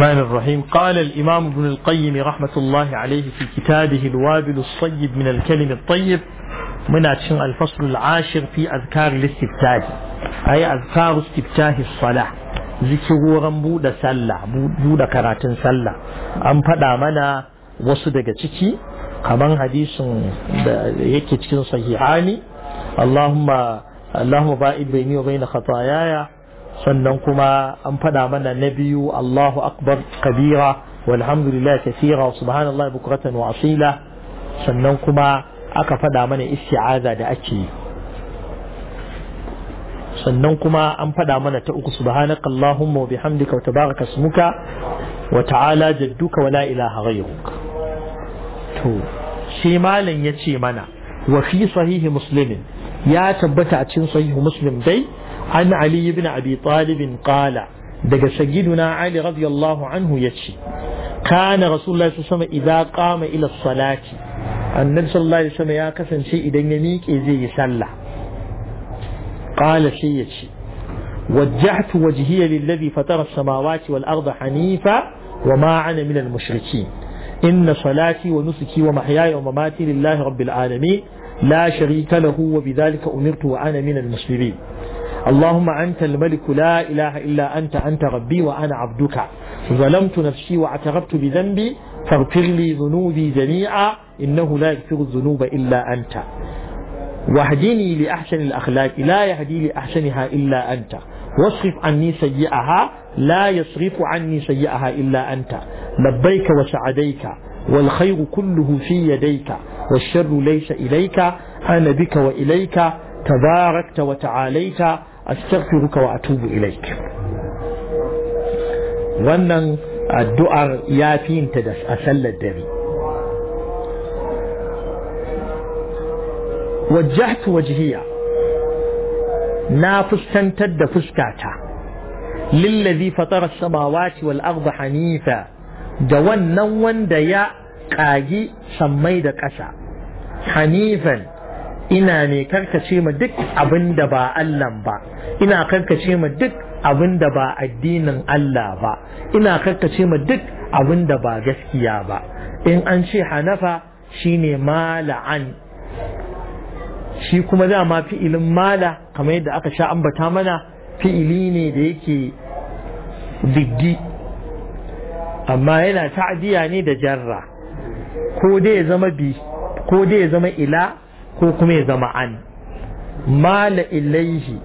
الرحمن الرحيم قال الإمام ابن القيم رحمة الله عليه في كتابه الوابل الصيب من الكلم الطيب من أتشن الفصل العاشر في أذكار الاستفتاح أي أذكار استفتاح الصلاة ذكر بودة سلة بودة كراتن سلة أم فدا منا وصدق تشكي كمان حديث يكي تشكي صحيحاني اللهم اللهم بائد بيني وبين خطاياي sannan kuma an faɗa mana na biyu Allahu akbar kabira walhamdulillah kathira subhanallah bukratan wa asila sannan kuma aka faɗa mana isti'aza da ake yi sannan kuma an faɗa mana ta uku subhanaka allahumma wa bihamdika wa tabaraka ismuka wa ta'ala jadduka wa la ilaha ghayruk to shi malam yace mana wa fi sahihi muslimin ya tabbata a cikin sahihu muslim dai عن علي بن أبي طالب قال دق سيدنا علي رضي الله عنه يتشي كان رسول الله صلى الله عليه وسلم إذا قام إلى الصلاة النبي صلى الله عليه وسلم يا كسن شيء إذا يميك إذا يسلى قال شيء يتشي وجهت وجهي للذي فطر السماوات والأرض حنيفا وما أنا من المشركين إن صلاتي ونسكي ومحياي ومماتي لله رب العالمين لا شريك له وبذلك أمرت وأنا من المسلمين اللهم أنت الملك لا إله إلا أنت أنت ربي وأنا عبدك ظلمت نفسي واعترفت بذنبي فاغفر لي ذنوبي جميعا إنه لا يغفر الذنوب إلا أنت واهديني لأحسن الأخلاق لا يهدي لأحسنها إلا أنت واصرف عني سيئها لا يصرف عني سيئها إلا أنت لبيك وسعديك والخير كله في يديك والشر ليس إليك أنا بك وإليك تباركت وتعاليت astaghfiruka wa atubu ilaik wannan addu'ar ya fi da a sallar dare wajjahtu wajhiya na fuskantar da fuskata lillazi fatara samawati wal arda hanifa da wannan wanda ya kagi sammai da ƙasa hanifan ina ne karkace ma duk abin da ba Allah ba ina karkace ma duk abin da ba addinin Allah ba ina karkace ma duk abin da ba gaskiya ba in an ce hanafa shine mala'an shi kuma dama fi'ilin mala kamar yadda aka sha ambata mana fi'ili ne da yake diggi amma yana ta'diya ne da jarra ko dai ya zama bi ko dai ya zama ila ko kuma ya zama an mala ilaihi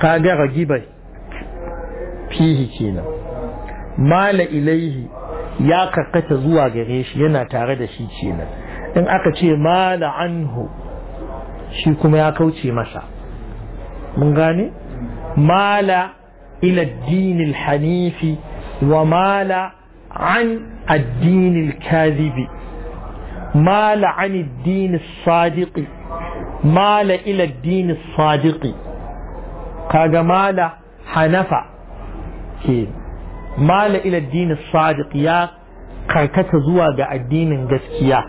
kaga ragibai fihi kenan mala ilaihi ya karkata zuwa gare shi yana tare da shi kenan in aka ce mala anhu shi kuma ya kauce masa mun gane mala ila addinil hanifi wa mala an addinil kadhibi mala an addinil sadiqi mala ila addinil sadiqi kaga mala hanafa ke mala ila sadiq ya karkata zuwa ga addinin gaskiya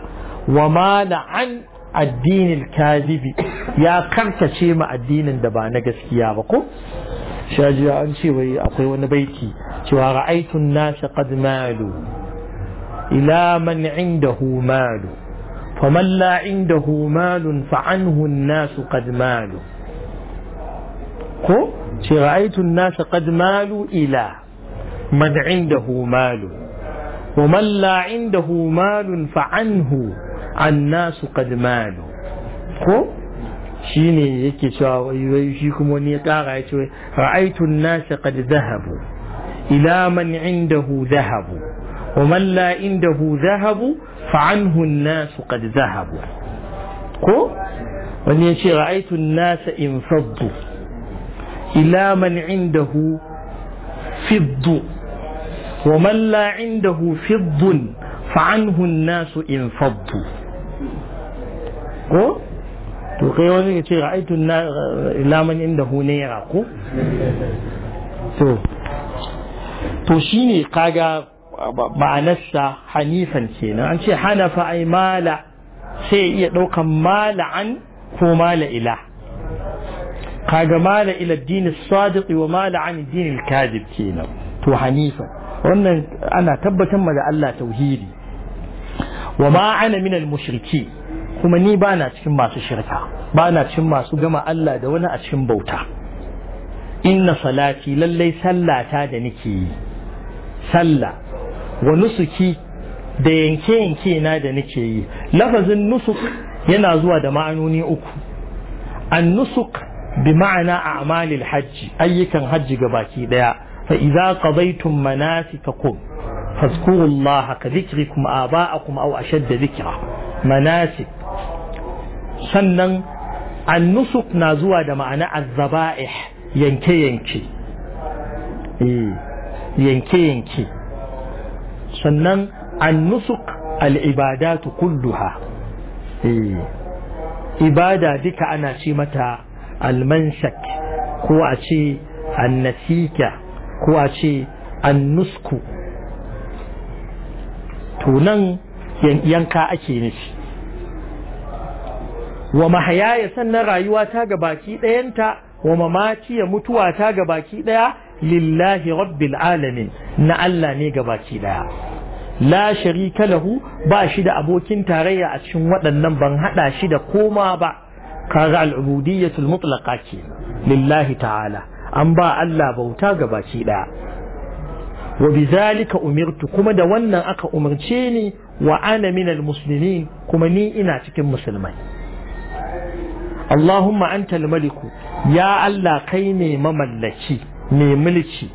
wa mala an addinin kazibi ya karkace ma addinin da ba na gaskiya ba ko shajiya an ce wai akwai wani baiki cewa ra'aitun nasa qad malu ila man indahu malu faman la indahu malun fa an-nasu qad ko ce ra'aitun nasa qad malu ila man indahu malu wa man la indahu malun fa anhu annasu qad malu ko shine yake cewa wai shi kuma wani ya kara ya ce ra'aitun nasa qad zahabu ila man indahu zahabu wa man la indahu zahabu fa anhu nasu qad zahabu ko wani ya ce ra'aitun nasa in faddu ila man indahu fiddu wa man la indahu fiddun fa an-nasu in faddu ko to kai wani ya ce ra'aitun na laman indahu hu naira ko to to shine kaga ma'anarsa hanifan kenan an ce hanafa ai mala sai iya ɗaukan mala'an ko mala ila kaga mala ila ad-din wa mala an ad kenan to hanifa wannan ana tabbatar ma da Allah tauhidi wa ma ana min al-mushriki kuma ni ba na cikin masu shirka ba na cikin masu gama Allah da wani a cikin bauta inna salati lallai sallata da nake yi sallah wa nusuki da yanke yanke na da nake yi lafazin nusuk yana zuwa da ma'anoni uku an nusuk بمعنى أعمال الحج أي كان حج جباكي ديا فإذا قضيتم مناسككم فاذكروا الله كذكركم آباءكم أو أشد ذكرا مناسك سنن النسك نازوا معنى الذبائح ينكي ينكي ينكي ينكي سنن النسك الإبادات كلها إيه. إبادة ديك أنا شيمتها almanshak ko a ce annasika ko a ce annusku to nan yanka ake nufi wa ya sannan rayuwa ta ga baki ɗayanta wa mamaci ya mutuwa ta ga baki ɗaya lillahi rabbil alamin na Allah ne ga baki ɗaya la sharika lahu ba shi da abokin tarayya a cikin waɗannan ban haɗa shi da koma ba kaga al'ubudiyyatul mutlaqa ce lillahi ta'ala an ba Allah bauta gabaci daya wa bizalika umirtu kuma da wannan aka umarce ni wa ana minal muslimin kuma ni ina cikin musulmai Allahumma antal maliku ya Allah kai ne mamallaci mai mulki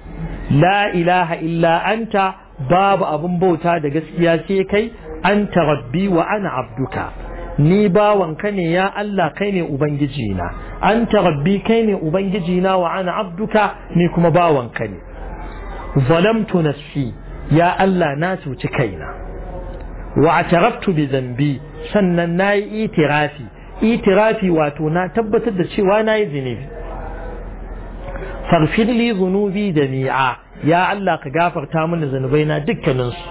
la ilaha illa anta babu abun bauta da gaskiya sai kai anta rabbi wa ana abduka ni bawanka ne ya Allah kai ne ubangiji na anta rabbi kai ne ubangiji na wa ana abduka ni kuma bawanka ne zalamtu nafsi ya Allah na cuci kaina wa ataraftu bi zambi sannan nayi itirafi itirafi wato na tabbatar da cewa nayi zinubi faghfir li dhunubi jami'a ya Allah ka gafarta mini zanubaina dukkaninsu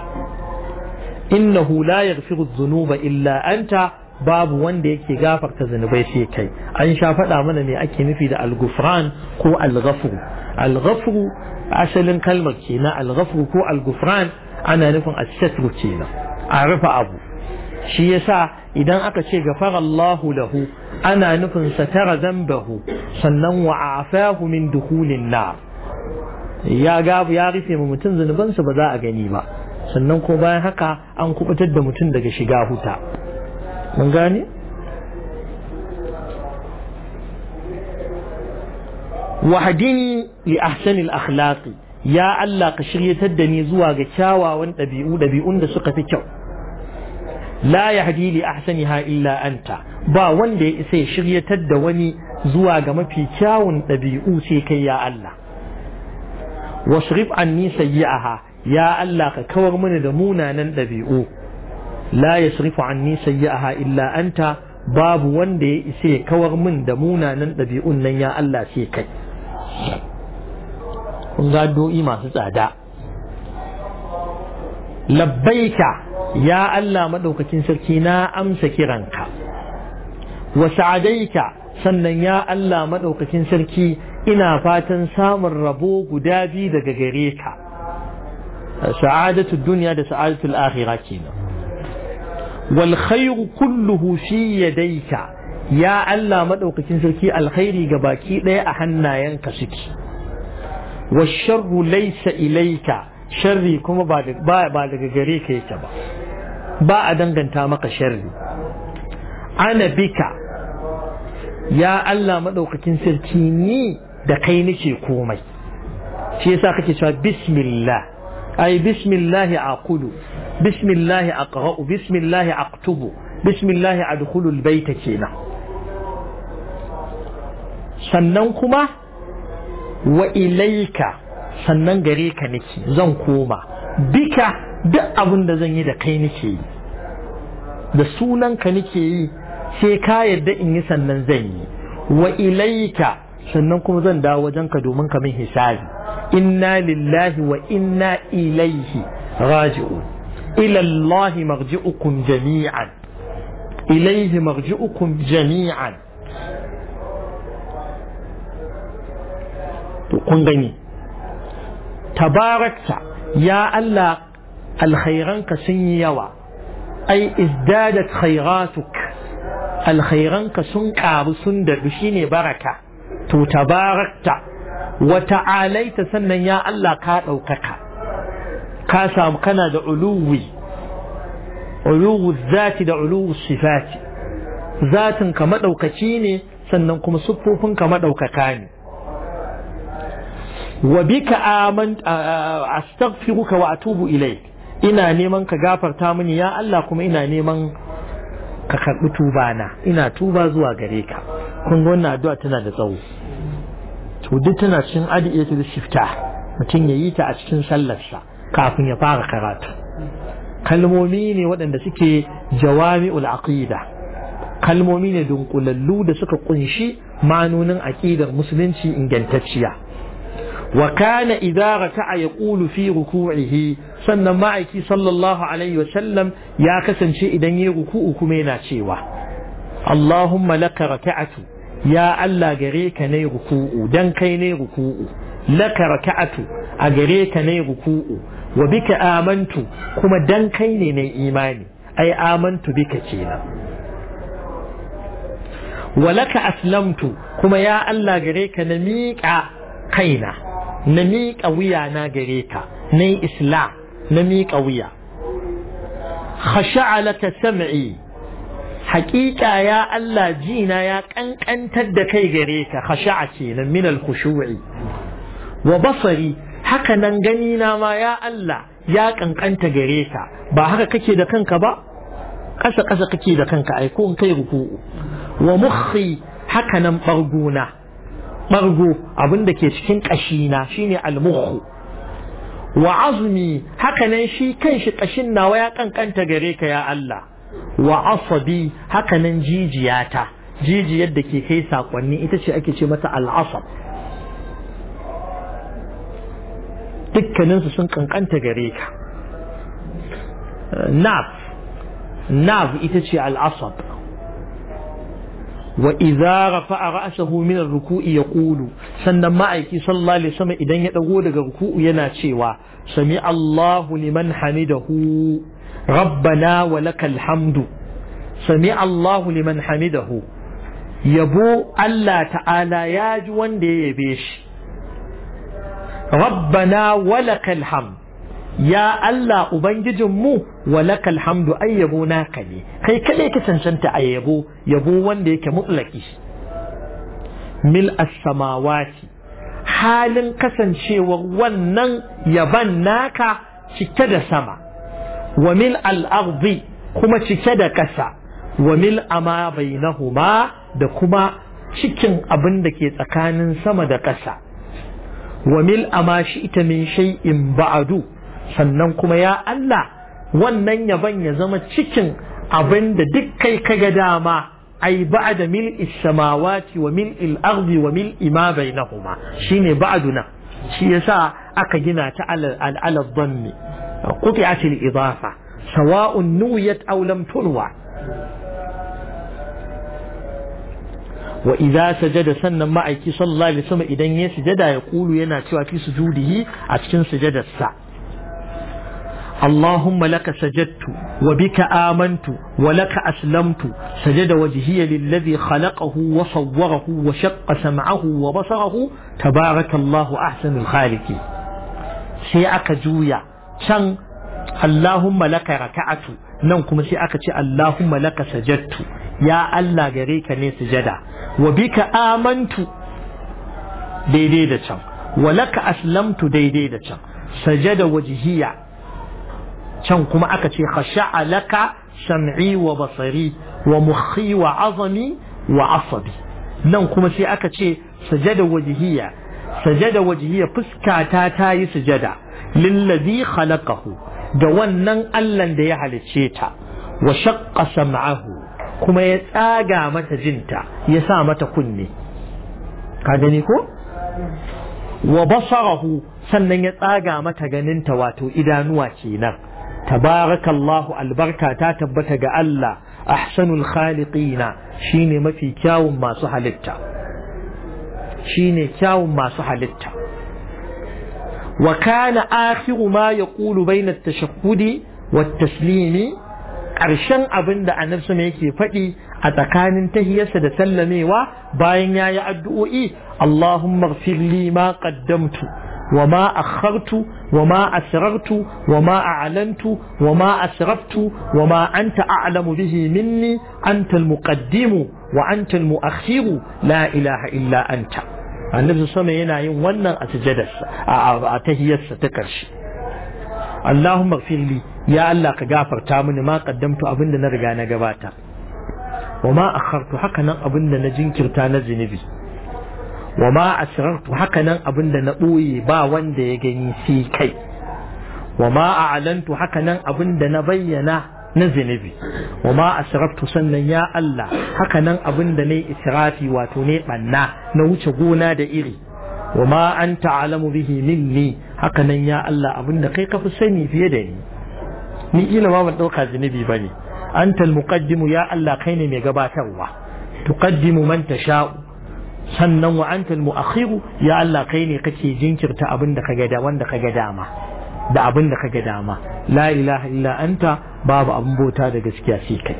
innahu la yaghfiru dhunuba illa anta babu wanda yake gafarta zunubai sai kai an sha faɗa mana me ake nufi da al ko al-ghafru al asalin kalmar kenan al ko al ana nufin as-satru kenan a rufe abu shi yasa idan aka ce gafara Allahu lahu ana nufin satara zambahu sannan wa afahu min dukhulin nar ya gabu ya rufe mu mutum zunubansa ba za a gani ba sannan ko bayan haka an kubutar da mutum daga shiga huta mun gane wahdini li ahsanil akhlaqi ya Allah ka shiryatar da ni zuwa ga kyawawan ɗabi'u ɗabi'un da suka fi kyau la yahdi li ahsaniha illa anta ba wanda ya isa ya shiryatar da wani zuwa ga mafi kyawun ɗabi'u sai kai ya Allah wasrif anni sayyi'aha ya Allah ka kawar mana da munanan ɗabi'u la yasrifu anni sayyi'aha illa anta babu wanda ya ise kawar min da munanan ɗabi'un nan ya Allah sai kai kun ga do'i masu tsada labbaika ya Allah maɗaukakin sarki na amsa kiranka wa sa'adaika sannan ya Allah maɗaukakin sarki ina fatan samun rabo guda biyu daga gare ka sa'adatu duniya da sa'adatul akhirah kenan wal khairu kulluhu fi yadayka ya Allah madaukakin sarki alkhairi ga baki ɗaya a hannayenka suke wa sharru laysa ilayka sharri kuma ba daga gare ka yake ba ba a danganta maka sharri ana bika ya Allah madaukakin sarki ni da kai nake komai shi yasa kake cewa bismillah ai bismillahi aqulu bismillahi aqra'u bismillahi aktubu bismillahi adkhulul baita kenan sannan kuma wa ilaika sannan gare ka nake zan koma bika duk abin da zan yi da kai nake yi da sunanka nake yi sai ka yarda in yi sannan zan yi wa ilaika sannan kuma zan dawo ka domin ka min hisabi إنا لله وإنا إليه راجعون إلى الله مرجعكم جميعا إليه مرجعكم جميعا تقول تباركت يا الله الخيران كسن يوا أي ازدادت خيراتك الخيران كسن كابسن دبشيني بركة تو تباركت Wata ta'alaita sannan ya Allah ka ɗaukaka ka samu kana da uluwi uluwu zati da uluwu sifati zatin ka maɗaukaci ne sannan kuma sufufun ka maɗaukaka ne wa bika aman astaghfiruka wa atubu ilayk ina neman ka gafarta mini ya Allah kuma ina neman ka karɓi na ina tuba zuwa gare ka kun wannan addu'a tana da tsawo to duk tana cikin adiyatul shifta mutum ya yi ta a cikin sallarsa kafin ya fara karatu kalmomi ne waɗanda suke jawami'ul aqida kalmomi ne dunkulallu da suka kunshi manonin aƙidar musulunci ingantacciya wa kana idza raka'a yaqulu fi ruku'ihi sannan ma'aiki sallallahu alaihi wa sallam ya kasance idan yayi ruku'u kuma yana cewa Allahumma laka raka'atu ya Allah gare ka ne ruku'u dan kai ne ruku'u laka raka'atu a gare ka ne ruku'u wa bika amantu kuma dan kai ne ne imani ai amantu bika kenan wa laka aslamtu kuma ya Allah gare ka na miƙa kaina na miƙa wuya na gare ka na islam na miƙa wuya khasha'a laka sam'i haƙiƙa ya Allah jina ya ƙanƙantar da kai gare ka khasha'a kenan min al-khushu'i wa basari hakanan nan gani na ma ya Allah ya ƙanƙanta gare ka ba haka kake da kanka ba ƙasa ƙasa kake da kanka ai ko kai ruku'u wa mukhi hakanan nan na. bargo abin ke cikin ƙashina shine al-mukhu wa azumi hakanan shi kanshi ƙashin nawa ya ƙanƙanta gare ka ya Allah wa asabi hakanan jijiyata jijiyar da ke kai sakonni ita ce ake ce mata al'asab dukkaninsu sun kankanta gare ka nav ita ce al'asab wa idza fa'a ra'sahu min ar-ruku'i sannan ma'aiki sallallahu alaihi wasallam idan ya dago daga ruku'u yana cewa sami Allahu liman hamidahu rabbana wa lakal hamdu sami Allahu liman hamidahu yabo Allah ta'ala ya ji wanda ya yabe shi rabbana wa lakal ya Allah ubangijinmu wa lakal hamdu ay yabo naka ne kai kadai ka cancanta a yabo yabo wanda yake mutlaki mil as-samawati halin kasancewar wannan yaban naka cike da sama wa mil al-ardi kuma cike da ƙasa wa mil ama bainahuma da kuma cikin abin da ke tsakanin sama da ƙasa wa mil ama shi ita min in ba'adu sannan kuma ya Allah wannan yaban ya zama cikin abin da duk kai kaga dama ai ba'da mil samawati wa mil al-ardi wa mil ima bainahuma shine ba'aduna shi yasa aka gina ta alal alal dhanni قطعت الإضافة سواء نويت أو لم تنوى وإذا سجد سنة أيكي صلى الله عليه وسلم إذا يسجد يقول يناتي في سجوده أتكن سجد الساعة اللهم لك سجدت وبك آمنت ولك أسلمت سجد وجهي للذي خلقه وصوره وشق سمعه وبصره تبارك الله أحسن الخالقين sai جويا can Allahumma laka raka'atu nan kuma sai aka ce Allahumma laka sajadtu ya Allah gare ka ne sujada wa bika amantu daidai da can wa laka aslamtu daidai da can sajada wajhiya can kuma aka ce khasha'a laka sam'i wa basari wa mukhi wa azami wa asabi nan kuma sai aka ce sajada wajhiya sajada wajhiya fuskata ta yi sujada lillazi khalaqahu da wannan Allahn da ya halicce ta wa shaqqa sam'ahu kuma ya tsaga mata jinta ya sa mata kunne ka gani ko wa basarahu sannan ya tsaga mata ganinta wato idanuwa kenan tabarakallahu albarka ta tabbata ga Allah ahsanul khaliƙina shine mafi kyawun masu halitta shine kyawun masu halitta wa kana akhiru ma yaqulu bayna at-tashahhudi wat-taslimi ƙarshen abin da annabi sama yake faɗi a tsakanin tahiyarsa da sallamewa bayan ya yi addu'o'i Allahumma ighfirli ma qaddamtu wa ma akhartu wa ma asrartu wa ma a'lantu wa ma asraftu wa ma anta a'lamu bihi minni anta al-muqaddimu wa anta al-mu'akhiru la ilaha illa anta annabi sama yana yin wannan a sujadarsa a tahiyarsa ta karshe Allahumma firli ya Allah ka gafarta mini ma qaddamtu abinda na riga na gabata wa ma akhartu haka abinda na jinkirta na zinubi wa ma asrartu haka nan abinda na boye ba wanda ya gani sai kai wa ma a'lantu hakanan abinda na bayyana na zinabi wa ma asraftu sannan ya Allah haka nan abin ne israfi wato ne banna na wuce gona da iri wa ma anta alamu bihi minni haka nan ya Allah abin da kai kafi sani fiye da ni ni kila ma ban dauka zinabi bane anta almuqaddimu ya Allah kai ne mai gabatarwa tuqaddimu man tasha'u sannan wa anta al ya Allah kai ne kake jinkirta abin da kaga da wanda kaga dama da abin da kaga dama la ilaha illa anta babu abin bauta da gaskiya sai kai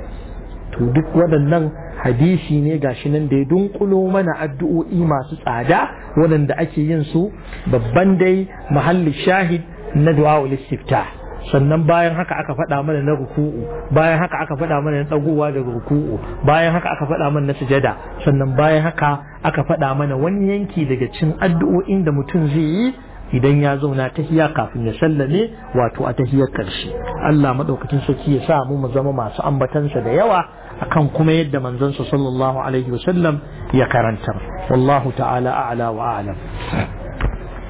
to duk waɗannan hadisi ne gashi nan da ya dunkulo mana addu'o'i masu tsada waɗanda ake yin su babban dai mahallin shahid na du'a istifta sannan bayan haka aka faɗa mana na ruku'u bayan haka aka faɗa mana na ɗagowa da ruku'u bayan haka aka faɗa mana na sujada sannan bayan haka aka faɗa mana wani yanki daga cin addu'o'in da mutum zai yi idan ya zauna tahiya kafin ya sallame wato a tahiyar karshe Allah maɗaukacin sarki ya sa mu zama masu ambatansa da yawa akan kuma yadda manzansa sallallahu alaihi wasallam ya karantar wallahu ta'ala a'la wa a'lam